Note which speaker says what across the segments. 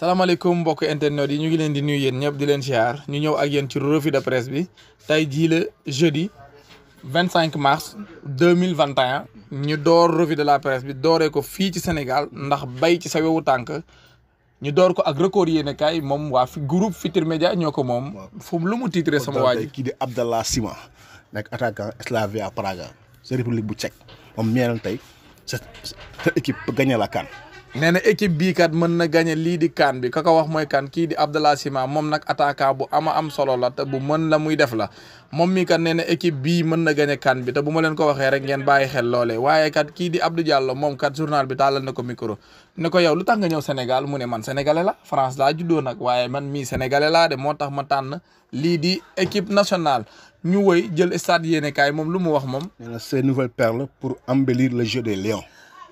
Speaker 1: salaamaaleykum mbokk internet yi ñu ngi leen di nuyu yéen ñëpp di leen siyaar ñu ñëw ak yéen ci revue de presse bi tey jii la jeudi 25 mars 2021 ñu door revue de la presse bi dooree ko fii ci Sénégal ndax bay ci sa wewu tànk ñu door ko ak record yéene kaay moom waa fi groupe Futurs Médias ñoo ko moom. fu lu mu tiitree sama waa ji kii di Abdallah Sima nekk attaquant Slavia Praga sa république bu Tchèque moom ñeenal tey sa sa équipe gagné la nee na équipe bii kat mën na gagné lii di kaan bi ka ko wax mooy kan kii di Abdallah Sima moom nag attaquant bu ama am solo la te bu mën la muy def la moom mii kat nee na équipe bii mën na gagné kaan bi te bu ma leen ko waxee rek ngeen bàyyi xel loole waaye kat kii di Abdou Diallo moom kat journal bi taalal na ko micro ne ko yow lu tax nga ñëw Sénégal mu ne man sénégalais la France laa juddoo nag waaye man mii sénégalais laa de moo tax ma tànn lii di équipe nationale ñu woy jël stade yéene kaay moom lu mu wax moom. nee na c'est une nouvelle perle pour embellir le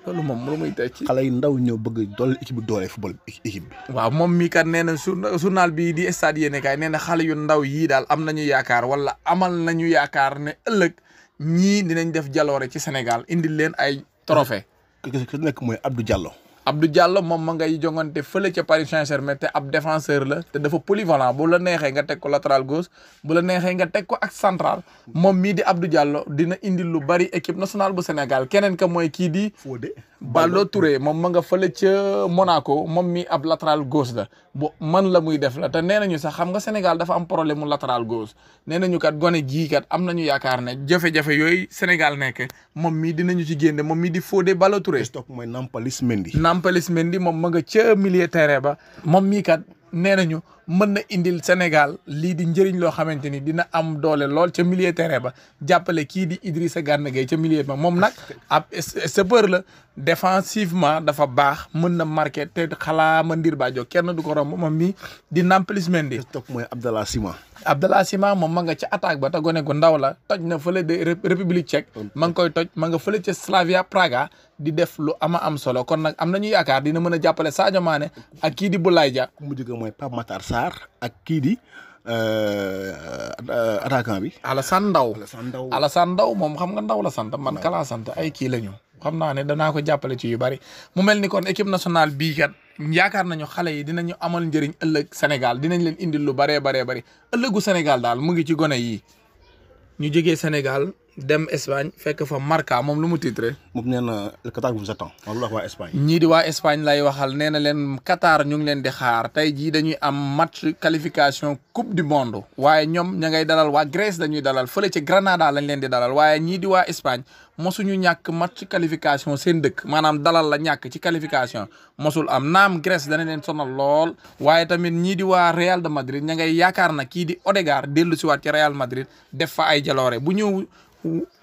Speaker 1: loolu moom lu muy tey ci. xale yu ndaw ñoo bëgg dool équipe bi doole football équipe bi. waaw moom mii kat nee na journal bii di stade yéene kaay nee xale yu ndaw yii daal am nañu yaakaar wala amal nañu yaakaar ne ëllëg ñii dinañ def jaloore ci senegal indil leen ay trophée. ki nekk mooy Abdou jallo Abdou Diallo moom ma ngay jongante fële ca Paris Saint-Germain te ab défenseur la te dafa polyvalent bu la neexee nga teg ko latéral gauche bu la neexee nga teg ko ak central moom mii di ab Abdou Diallo dina indi lu bari équipe nationale bu senegal keneen ka mooy kii di Ballo Touré moom ma nga fële ca Monaco moom mii ab latéral gauche la bu man la muy def la te nee nañu sax xam nga Sénégal dafa am problème mu latéral gauche nee nañu kat gone jii kat am nañu yaakaar ne jafe-jafe yooyu Sénégal nekk moom mii dinañu ci génne moom mii di Fodé Ballo Touré. stock mooy Nampalys Mendy. Nampalys Mendy moom ma nga ca milieu terrain ba moom mii nee ñu mën na indil Sénégal lii di njëriñ loo xamante ni dina am doole lool ca millier terrain ba jàppale kii di Idrissa Gana Gueye ca milieu ba moom nag ab sapeur la défensivement dafa baax mën na marqué te xalaa ma ndir baajo kenn du ko romb moom mii di Nampalys Mendy. toog mooy Abdallah Sima. Abdallah Sima moom ma nga ca attaque ba te gone gu ndaw la toj na fële de République tchèque. ma nga koy toj ma nga fële ca Slavia Praga di def lu ama am solo kon nag am nañu yaakaar dina mën a jàppale Sadio Mané ak kii di Boulaye Dia. moom mooy Pape Matar Sarr ak kii di euh, attaquant bi. Alassane Ndao Alassane Ndao Alassane Ndao moom xam nga ndaw la santa man kala sant ay kii la ñu. xam naa ne danaa ko jàppale ci yu bari mu mel ni kon équipe nationale bii kat yaakaar nañu xale yi dinañu amal njëriñ ëllëg Sénégal dinañ leen indil lu baree baree bari ëllëgu Sénégal daal mu ngi ci gone yi ñu jógee Sénégal. dem Espagne fekk fa marka moom lu mu titré. moom nee na le Qatar vous Espagne. ñii di waa Espagne lay waxal nee na leen Qatar ñu ngi leen di xaar tey jii dañuy am match qualification coupe du monde waaye ñoom ña ngay dalal waa Grèce dañuy dalal fële ci Granada lañ leen di dalal waaye ñii di waa Espagne mosuñu ñàkk match qualification seen dëkk maanaam dalal la ñàkk ci qualification mosul am naam Grèce dana leen sonal lool. waaye tamit ñii di waa Real de Madrid ña ngay yaakaar na kii di Odegaard dellu si ci Real Madrid ay jaloore bu ñëw.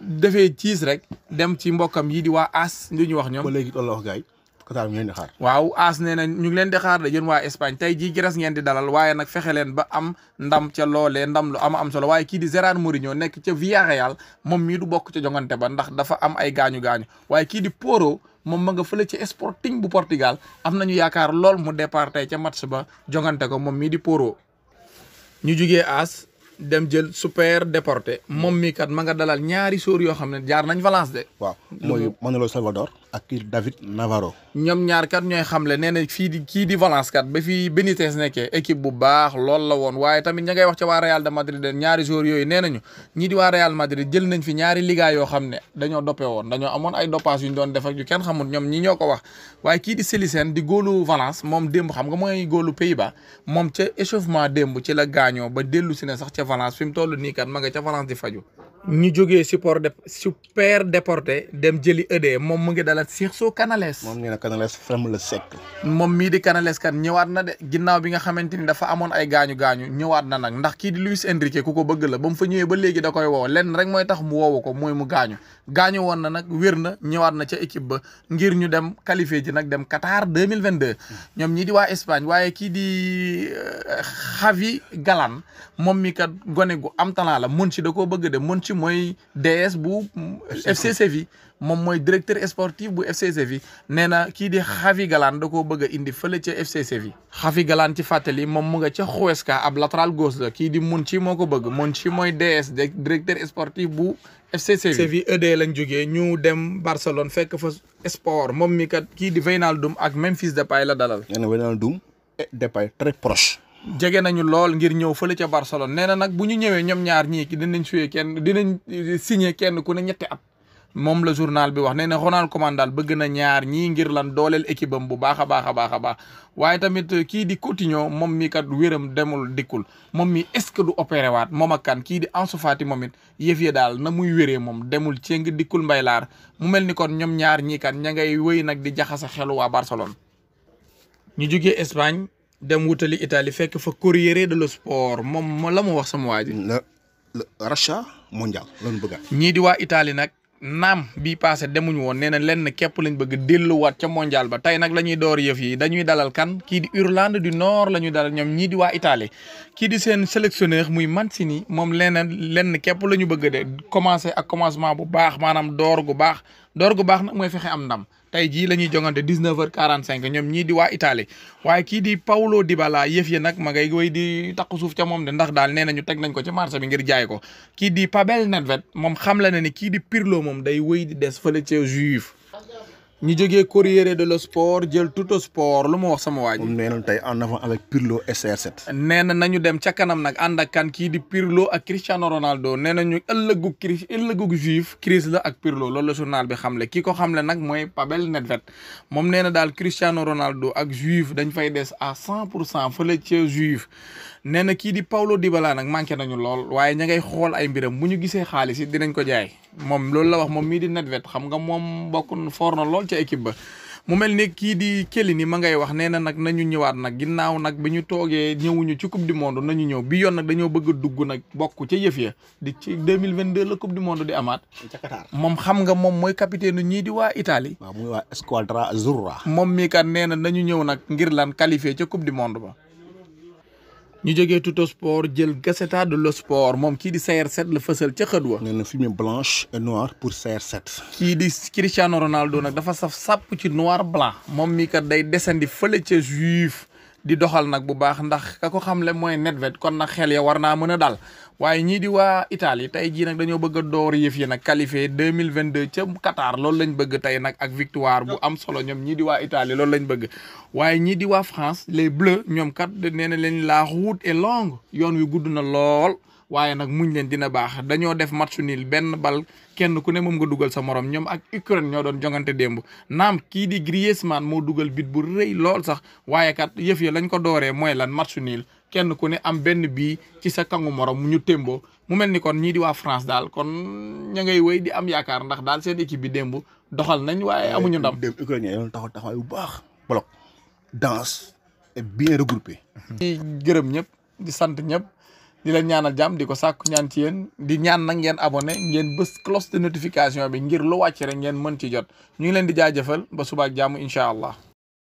Speaker 1: defee ciis rek dem ci mbokkam yi di waa As li ñu wax ñoom. ba léegi loolu la wax ñu leen di xaar. waaw As nee na ñu ngi leen xaar de yéen waa Espagne tey jii Grèce ngeen di dalal waaye nag fexe leen ba am ndam ca loole ndam lu am am solo waaye kii di Gérard Mourinho nekk ca Villarreal moom mii du bokk ca jongante ba ndax dafa am ay gaañu gaañu waaye kii di Porro moom ma nga fële ci Sporting bu Portugal am nañu yaakaar lool mu départ ca match ba jongante ko moom mii di Porro ñu jugee As. dem jël super déporté moom mii kat ma nga dalal ñaari sóor yoo xam ne jaar nañ Valence de. waaw mooy Manolo Salvador. ak kii David Navarro. ñoom ñaar kat ñooy xamle nee na fii di kii di Valence kat ba fii Benitez équipe bu baax lool la woon waaye tamit ña wax ca waa Real de Madrid ñaari joueurs yooyu nee nañu ñii di Real Madrid jël nañ fi ñaari liga yoo xam ne dañoo doppe woon dañoo amoon ay doppaas yu doon def kenn xamul ñoom ñi ñoo ko wax waaye kii di Célissène di góolu Valence moom démb xam nga mooy góolu Pays-Bas moom ca échauffement démb ci la gaañoo ba dellu Sirso Canales. moom nee na Canales femme moom mii di Canales kat ñëwaat na de ginnaaw bi nga xamante ni dafa amoon ay gaañu gaañu ñëwaat na nag ndax kii di Luis Enrique ku ko bëgg la ba mu fa ñëwee ba léegi da koy woo lenn rek mooy tax mu woowu ko mooy mu gaañu gaañu woon na nag wér na ñëwaat na ca équipe ba ngir ñu dem qualifié ji nag dem Qatar deux mille vingt deux ñoom ñii di waa Espagne waaye kii di Javi euh, galan moom mii kat gone gu am talent la mën si da koo bëgg de mën ci mooy DS bu FC moom mooy directeur sportif bu FC Séville neena kii di Javi Galán da koo bëgg indi fële ca FC Séville. Javi Galán ci fàttali moom mu nga ca Huesca ab latéral gauche la kii di mun ci moo ko bëgg ci mooy DS directeur sportif bu. FC Séville Séville ED lañ jógee ñu dem Barcelone fekk fa sport moom mi kat kii di Wijnaldum ak Memphis Depay la dalal. nee na Wijnaldum e Depay très proche. jege nañu lool ngir ñëw fële ca Barcelone nee na nag bu ñu ñëwee ñoom ñaar ñii ki dinañ suyee kenn dinañ signé kenn ku ne ñetti at. moom la journal bi wax nee na Ronald Koeman daal bëgg na ñaar ñii ngir lan dooleel équipe am bu baax a baax a baax waaye tamit kii di Coutinho moom mi kat wéram demul dikkul moom mi est-ce que du opéré waat moom ak kan kii di Ansu Fati moom it daal na muy wéree moom demul céng dikkul mbay laar mu mel ni kon ñoom ñaar ñii kat ña ngay wéy nag di jaxase xel waa Barcelone. ñu jugee Espagne dem wutali Italie fekk fa Corriere dello Sport moom la mu wax sama waa la racha mondial lan naam bii passé demuñu woon nee na lenn képp lañ bëgg delluwaat ca mondial ba tey nag la ñuy door yëf yi dañuy dalal kan kii di Irlande du Nord la ñuy dalal ñoom ñii di waa Italie kii di seen sélectionneur muy man Mancini moom leneen lenn képp la ñu bëgg de commencé ak commencement bu baax maanaam door gu baax door gu baax nag mooy fexe am ndam tey jii la ñuy jongante 19h45 ñoom ñii di waa Italie waaye kii Paulo Dybala yëf ya nag ma di takku suuf ca moom de ndax daal nee nañu teg nañ ko ci marché bi ngir jaay ko kii di Pavel Nedved moom xam la ne ni kii di Pirlo moom day wéy di des fële ca Juve ñu jógee de dello Sport jël Tuttosport lu ma wax sama waa ji. nee tey en avant avec Pirlo et cr nee na nañu dem ca kanam nag ànd ak kan kii di Pirlo ak Cristiano Ronaldo nee nañu ëllëgu crise ëllëgu juif crise la ak Pirlo lool la journal bi xamle ki ko xamle nag mooy Pavel Nedved moom nee na daal Cristiano Ronaldo ak juif dañ fay des à cent pour cent fële ca juif nee na kii di Paulo Dybala nag manqué nañu lool waaye ña ngay xool ay mbiram ñu gisee xaalis yi dinañ ko jaay. moom loolu la wax moom mii di Nedved xam nga moom bokk foor na lool ca équipe ba mu mel ne kii di Chiellini ma ngay wax nee na nag nañu ñëwaat nag ginnaaw nag ba ñu toogee ñëwuñu ci coupe du monde nañu ñëw bi yoon nag dañoo bëgg a dugg nag bokk ca yëf ya di ci deux mille vingt deux la coupe du monde di amaat. moom xam nga moom mooy capitaine ñii di waa Italie. waaw muy waa Squadra Azzurra. moom mii kat nee na nañu ñëw nag ngir laan qualifié ca coupe du monde ba. ñu jógee Tuto Sport jël Gazzetta dello Sport moom kii di CR7 la fësal ca xët wa. nee na fumée blanche et noir pour CR7. kii di Cristiano Ronaldo nag dafa saf sàpp ci noir blanc moom mi kat day desandi fële ca Juve. di doxal nag bu baax ndax ka ko xamle mooy Nedved kon nag xel ya war naa mën a dal waaye ñii di waa Italie tey jii nag dañoo bëgg a door yëf yi nag qualifié deux mille vingt deux ca Qatar loolu lañ bëgg tey nag ak victoire bu am solo ñoom ñii di waa Italie lool lañ bëgg waaye ñii di waa France les bleus ñoom kat nee na leen la route est longue yoon wi gudd na lool. waaye nag muñ leen dina baax dañoo def match niil benn bal kenn ku ne moom nga dugal sa moroom ñoom ak Ukraine ñoo doon jongante démb naam kii di Griezmann moo dugal bit bu rëy lool sax waaye kat yëf ya lañ ko dooree mooy lan match niil kenn ku ne am benn bii ci sa kangu moroom ñu témboo mu mel ni kon ñii di waa France daal kon ña ngay wéy di am yaakaar ndax daal seen équipe bi démb doxal nañ waaye amuñu ndam. démb Ukraine yoon taxaw taxawaay bu baax. bloc danse di gërëm ñëpp di sant ñëpp. di leen ñaanal jàmm di ko sàkku ñaan ci yéen di ñaan nangeen ngeen ngeen bës cloche de notification bi ngir lu wàcc ngeen mën ci jot ñu ngi leen di jaajëfal ba subaak jàmm incha allah